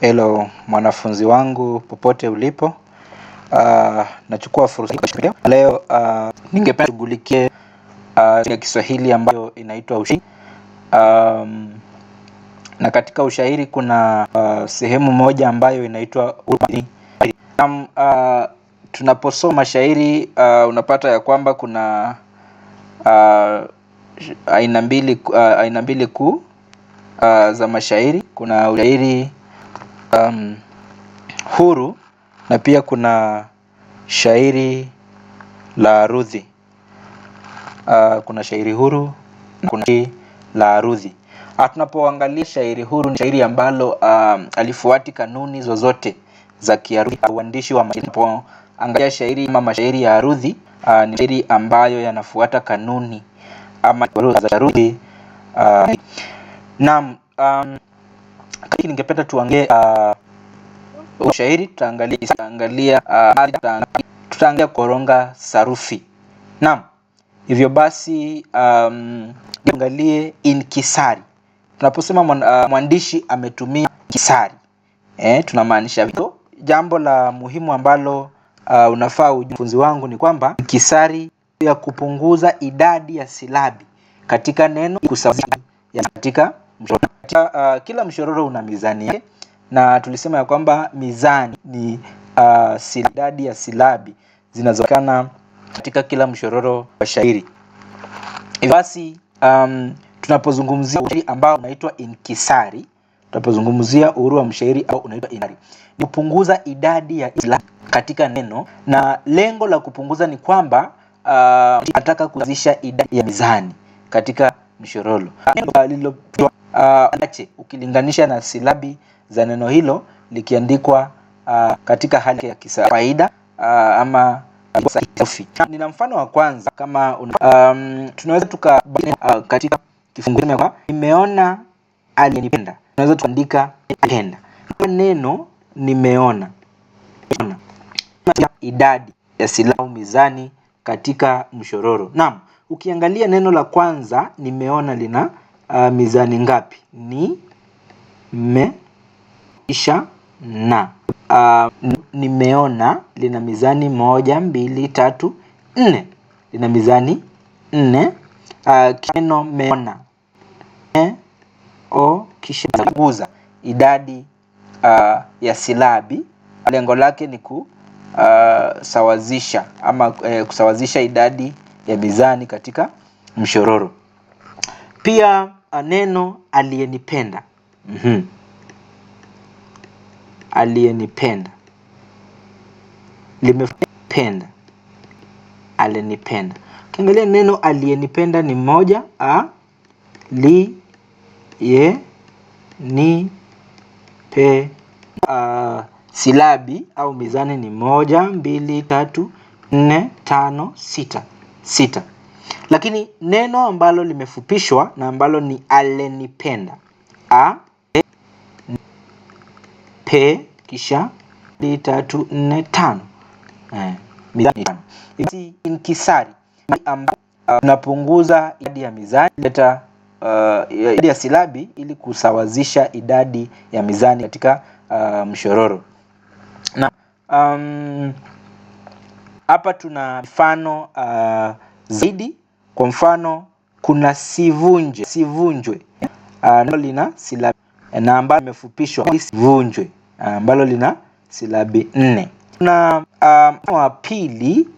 Hello mwanafunzi wangu popote ulipo, uh, nachukua fursa hii leo uh, ningependa shughulikie uh, ah, ya Kiswahili ambayo inaitwa ushairi. Um, na katika ushairi kuna uh, sehemu moja ambayo inaitwa um, uh, tunaposoma shairi uh, unapata ya kwamba kuna uh, aina mbili uh, aina mbili kuu uh, za mashairi. Kuna ushairi um, huru na pia kuna shairi la arudhi uh, kuna shairi huru na kuna shairi la arudhi. Tunapoangalia shairi huru ni shairi ambalo um, alifuati kanuni zozote za kiarudhi uandishi wa mashairi. shairi ama mashairi ya arudhi uh, ni shairi ambayo yanafuata kanuni ama za arudhi uh, naam um, Ningependa tuangalie uh, ushairi, tutaangalia tutaangalia uh, tutaangalia koronga sarufi. Naam, hivyo basi um, angalie kisari Tunaposema uh, mwandishi ametumia kisari eh, tunamaanisha hivyo. Jambo la muhimu ambalo uh, unafaa ujifunzi wangu ni kwamba kisari ya kupunguza idadi ya silabi katika neno katika Uh, kila mshororo una mizani yake, na tulisema ya kwamba mizani ni uh, idadi ya silabi zinazopatikana katika kila mshororo wa shairi. Hivyo basi um, tunapozungumzia ushairi ambao unaitwa inkisari, tunapozungumzia uhuru wa mshairi au unaitwa inkisari, ni kupunguza idadi ya silabi katika neno, na lengo la kupunguza ni kwamba uh, anataka kuzidisha idadi ya mizani katika mshororo. Neno lililopitwa uh, ah, nache ukilinganisha na silabi za neno hilo likiandikwa uh, katika hali ya kawaida uh, ah, ama Nina mfano wa kwanza kama una, um, tunaweza tuka uh, katika kifungu kwa nimeona alinipenda, tunaweza tukaandika alipenda. Neno nimeona idadi ya silabi mizani katika mshororo. Naam. Ukiangalia neno la kwanza nimeona lina uh, mizani ngapi? Ni me isha na uh, nimeona lina mizani moja, mbili, tatu, nne. Lina mizani nne. Uh, ah, neno meona me, o kisha idadi uh, ya silabi. Lengo lake ni kusawazisha uh, ama uh, kusawazisha idadi ya mizani katika mshororo. Pia uh, neno aliyenipenda, mm -hmm. aliyenipenda limependa alinipenda Ukiangalia neno aliyenipenda ni moja a li ye ni pe a, silabi au mizani ni moja, mbili, tatu, nne, tano, sita sita. Lakini neno ambalo limefupishwa na ambalo ni alenipenda, a e, p kisha mbili tatu nne tano eh, inkisari tunapunguza uh, idadi ya mizani leta uh, idadi ya silabi ili kusawazisha idadi ya mizani katika uh, mshororo na um, hapa tuna mfano uh, zaidi. Kwa mfano kuna sivunje, sivunjwe uh, lina silabi na ambalo limefupishwa sivunjwe uh, ambalo uh, lina silabi nne. Tuna uh, wa pili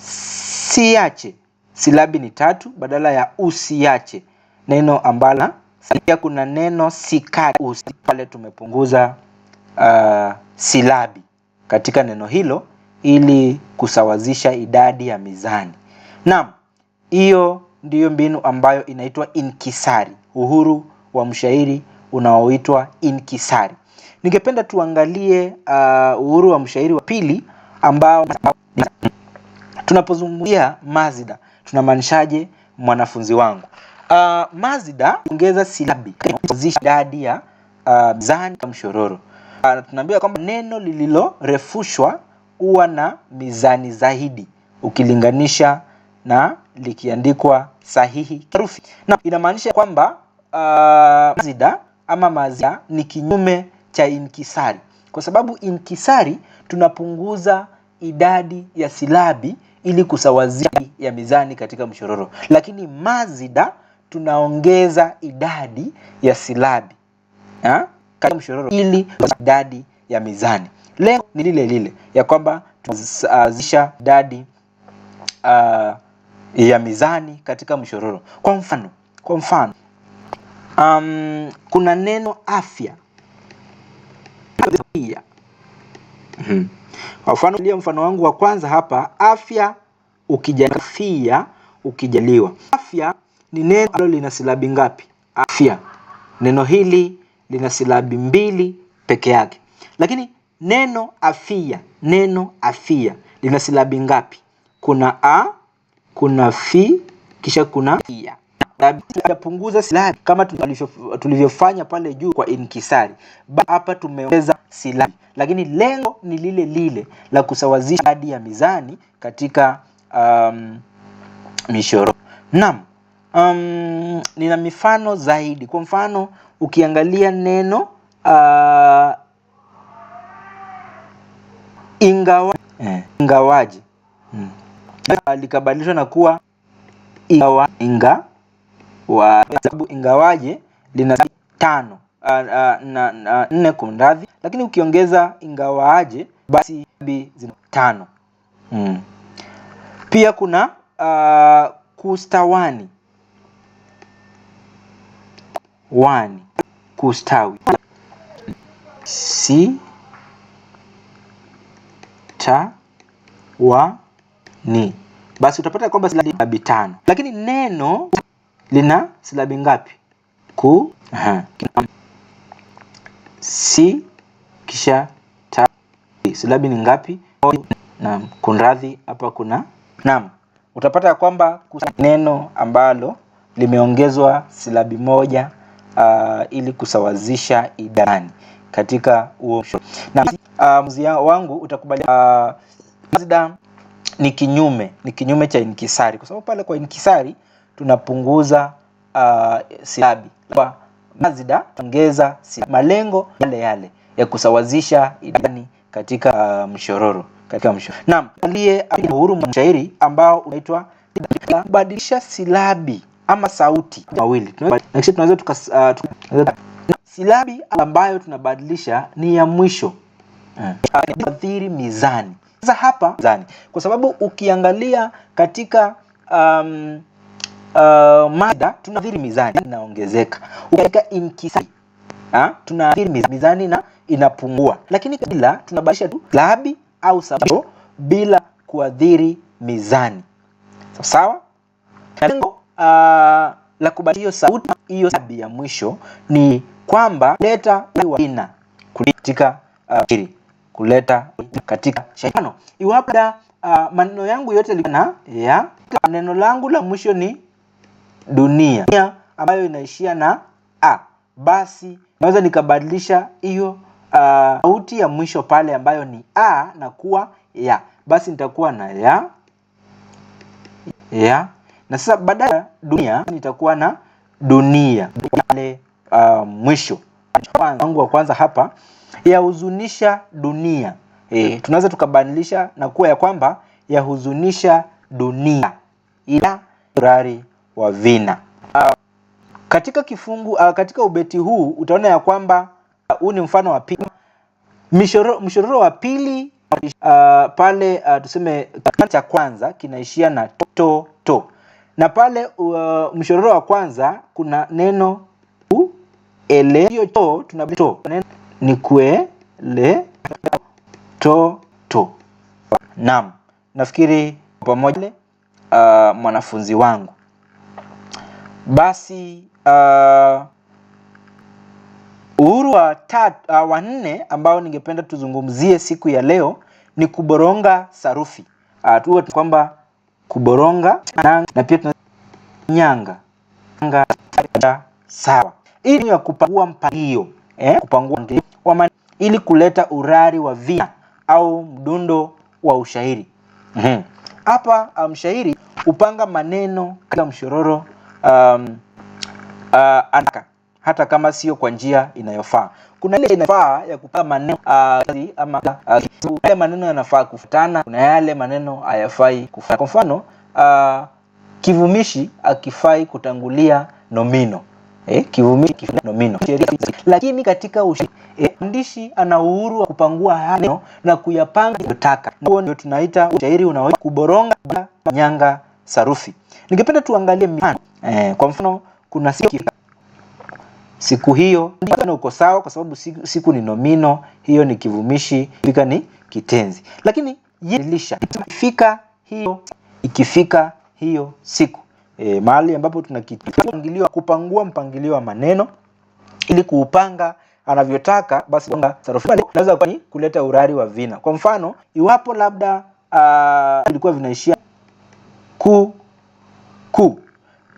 siache, silabi ni tatu badala ya usiache, neno ambalo pia kuna neno sikate, pale tumepunguza uh, silabi katika neno hilo ili kusawazisha idadi ya mizani. Naam, hiyo ndiyo mbinu ambayo inaitwa inkisari, uhuru wa mshairi unaoitwa inkisari. Ningependa tuangalie uh, uhuru wa mshairi wa pili ambao tunapozungumzia Mazida tunamaanishaje mwanafunzi wangu? Uh, Mazida ongeza silabi idadi ya uh, mizani mshororo. Uh, tunaambiwa kwamba neno lililorefushwa huwa na mizani zaidi ukilinganisha na likiandikwa sahihi herufi, na inamaanisha kwamba uh, mazida ama mazida ni kinyume cha inkisari, kwa sababu inkisari tunapunguza idadi ya silabi ili kusawazia ya mizani katika mshororo, lakini mazida tunaongeza idadi ya silabi ha? Ah, katika mshororo ili idadi ya mizani. Lengo ni lile lile ya kwamba tunazisha idadi uh, ya mizani katika mshororo. Kwa mfano, kwa mfano um, kuna neno afya hmm. kwa mfano lia mfano wangu wa kwanza hapa, afya ukijafia ukijaliwa. Afya ni neno ambalo lina silabi ngapi? Afya, neno hili lina silabi mbili peke yake, lakini Neno afia, neno afia lina silabi ngapi? Kuna a, kuna fi, kisha kuna ia. Tunapunguza silabi kama tulivyofanya pale juu kwa inkisari, hapa tumeongeza silabi, lakini lengo ni lile lile la kusawazisha hadi ya mizani katika um, mishoro. Naam, um, nina mifano zaidi. Kwa mfano ukiangalia neno uh, ingawa, eh, ingawaji hmm, likabadilishwa na kuwa ingawa, inga, wa, sababu ingawaje lina tano ah, ah, na nne kumradhi, lakini ukiongeza ingawaje basi bi zina tano hmm. Pia kuna uh, kustawani wani kustawi si cha wa ni, basi utapata kwamba silabi tano. Lakini neno lina silabi ngapi? ku -huh. si kisha ta. Silabi ni ngapi? Naam, kunradhi, hapa kuna naam. Utapata kwamba neno ambalo limeongezwa silabi moja uh, ili kusawazisha idadi katika huo na uh, mzi wangu utakubali. Uh, ni kinyume, ni kinyume cha inkisari, kwa sababu pale kwa inkisari tunapunguza uh, silabi kwa ongeza Malengo yale yale ya kusawazisha idani katika uh, mshororo katika mshororo. Naam, aliye uhuru mshairi ambao unaitwa kubadilisha silabi ama sauti mawili, tunaweza tuka silabi ambayo tunabadilisha ni ya mwisho hathiri mizani. Sasa hapa mizani, kwa sababu ukiangalia katika um, uh, mada tunaathiri mizani inaongezeka, ukaika inkisari ha? tunaathiri mizani na inapungua, lakini kabila tunabadilisha tu labi au sababisho bila kuathiri mizani sawa sawa. Na lengo uh, la kubadilisha sauti hiyo silabi ya mwisho ni kwamba leta wa kina katika uh, kuleta katika shindano. Iwapo uh, maneno yangu yote na ya neno langu la mwisho ni dunia, dunia ambayo inaishia na a, basi naweza nikabadilisha hiyo ah, sauti uh, ya mwisho pale ambayo ni a na kuwa ya, basi nitakuwa na ya ya na sasa baada ya dunia nitakuwa na dunia pale uh, mwisho wangu wa kwanza hapa yahuzunisha dunia e, hmm. tunaweza tukabadilisha na kuwa ya kwamba yahuzunisha dunia ila urari wa vina. Uh, katika kifungu uh, katika ubeti huu utaona ya kwamba huu uh, ni mfano wa pili mshororo wa pili uh, pale uh, tuseme cha kwanza kinaishia na to, to na pale uh, mshororo wa kwanza kuna neno u ele hiyo to neno ni kueleza toto. Naam, nafikiri pamoja uh, mwanafunzi wangu basi uh, uhuru wa tatu, uh, ah, wa nne ambao ningependa tuzungumzie siku ya leo ni kuboronga sarufi uh, tuwe kwamba kuboronga na, na pia tunanyanga nyanga sawa, ili ya kupangua mpangilio eh, kupangua mpangilio wa man ili kuleta urari wa vina au mdundo wa ushairi. Mhm. Hapa mm um, -hmm. mshairi hupanga maneno katika mshororo um, uh, anaka hata kama sio kwa njia inayofaa. Kuna ile inafaa ya kupanga maneno uh, ama uh, yale maneno yanafaa kufuatana, kuna yale maneno hayafai kufuatana. Kwa mfano uh, kivumishi akifai kutangulia nomino eh, kivumishi kinomino sheria, lakini katika eh, mwandishi eh, ana uhuru wa kupangua hayo na kuyapanga yotaka. Huo ndio tunaita ushairi unaweza kuboronga nyanga sarufi. Ningependa tuangalie mifano eh, kwa mfano kuna siku, siku hiyo uko sawa, kwa sababu siku, siku ni nomino, hiyo ni kivumishi, fika ni kitenzi, lakini yeye hiyo ikifika hiyo siku e, mahali ambapo tuna mpangilio kupangua mpangilio wa maneno ili kuupanga anavyotaka basi naweza kuleta urari wa vina. Kwa mfano, iwapo labda uh, ilikuwa vinaishia ku ku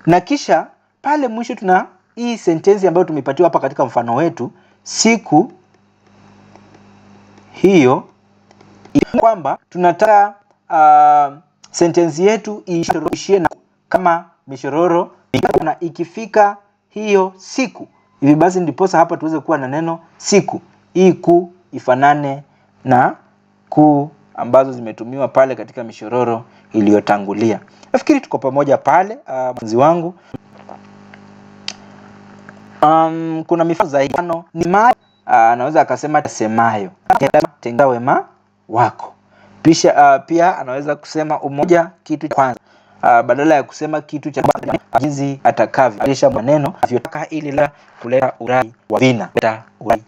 na kisha pale mwisho tuna hii sentensi ambayo tumepatiwa hapa katika mfano wetu, siku hiyo, kwamba tunataka uh, sentensi yetu iishie na kama mishororo na ikifika hiyo siku hivi basi, ndiposa hapa tuweze kuwa na neno siku hii kuu ifanane na kuu ambazo zimetumiwa pale katika mishororo iliyotangulia. Nafikiri tuko pamoja pale, ah, mwanzi wangu. Um, kuna mifano zaidi ni mayo, ah, anaweza akasema semayo tengawe ma wako. Pisha, uh, pia anaweza kusema umoja kitu kwanza uh, badala ya kusema kitu cha jinsi atakavyo alisha maneno avyotaka ili la kuleta urai wa vina kuleta urai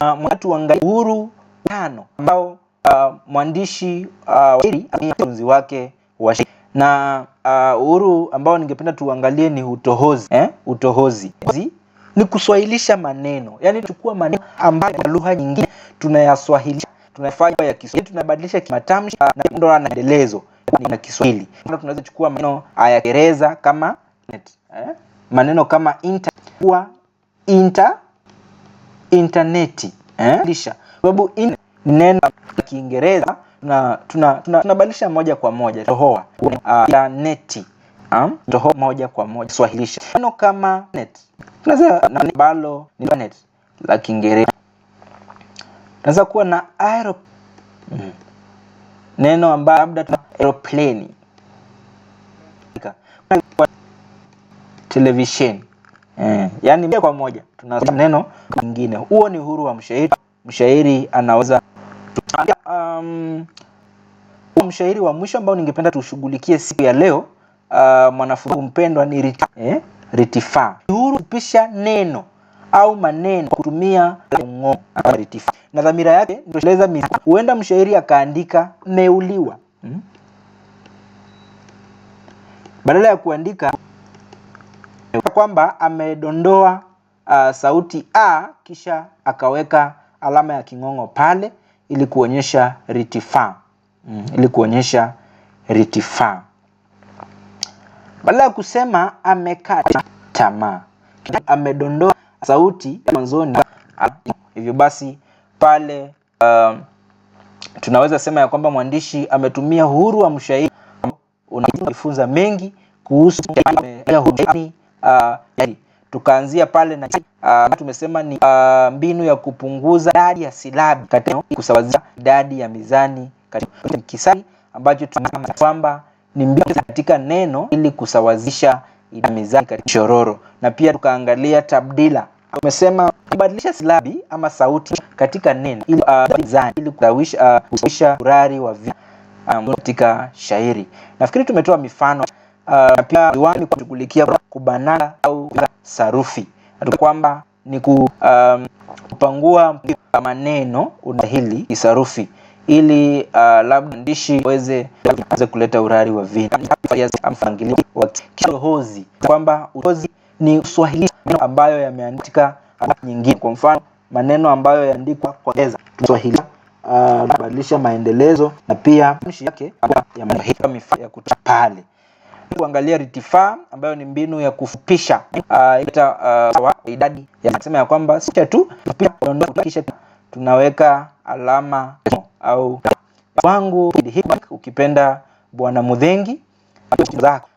na mwatu angalia uhuru tano ambao uh, mwandishi uh, wa shairi wake wa shairi na uh, uhuru ambao ningependa tuangalie ni utohozi eh? utohozi Zi? ni kuswahilisha maneno, yani chukua maneno ambayo kwa lugha nyingine tunayaswahilisha, tunafanya ya Kiswahili, tunabadilisha kimatamshi na ndo anaendelezo na Kiswahili. Tunaweza chukua maneno ya Kiingereza kama net, eh? maneno kama inter, kuwa inter, interneti eh? lisha sababu in, neno la Kiingereza na tunabadilisha tuna, moja kwa moja tohoa uh, ya neti um, tohoa moja kwa moja swahilisha neno kama net, tunasema na balo ni net la Kiingereza tunaweza kuwa na aero mm neno ambalo labda tuna aeroplane, televisheni eh, yani moja kwa moja tuna neno lingine. Huo ni uhuru wa mshairi. Mshairi anaweza um, mshairi wa mwisho ambao ningependa tushughulikie siku ya leo uh, mwanafunzi mpendwa ni Ritifa eh, Ritifa. Uhuru kupisha neno au maneno kutumia mng'o na dhamira yake ni kueleza Huenda mshairi akaandika meuliwa hmm? badala ya kuandika kwamba amedondoa uh, sauti a kisha akaweka alama ya king'ong'o pale ili kuonyesha ritifa mm, ili kuonyesha ritifa Badala ya kusema amekata tamaa, amedondoa sauti mwanzoni. Hivyo basi pale uh, tunaweza sema ya kwamba mwandishi ametumia uhuru wa mshairi. Unajifunza mengi kuhusu uh, tukaanzia pale na uh, tumesema ni uh, mbinu ya kupunguza idadi ya silabi katika kusawazisha idadi ya mizani katika kisari ambacho tunasema kwamba ni mbinu katika neno ili kusawazisha ina mizani katika shororo, na pia tukaangalia tabdila. Umesema kubadilisha silabi ama sauti katika neno ili uh, mizani ili kusawisha ah, uh, urari wa vina ah, um, katika shairi. Nafikiri tumetoa mifano uh, na pia diwani kushughulikia kubanana au sarufi kwamba ni ku, um, kupangua maneno unahili kisarufi ili uh, labda ndishi waweze kuleta urari wa vina mfangilio wa kitohozi, kwamba hozi ni Swahili ambayo yameandika nyingine. Kwa mfano maneno ambayo yaandikwa kwa Kiingereza Kiswahili kubadilisha ah, uh, maendelezo na pia mshi yake ya maneno ya kutoka pale. Kuangalia ritifa ambayo ni mbinu ya kufupisha uh, uh, idadi ya sema ya kwamba si tu pia tunaweka alama au wangu ukipenda Bwana Mudhengi zako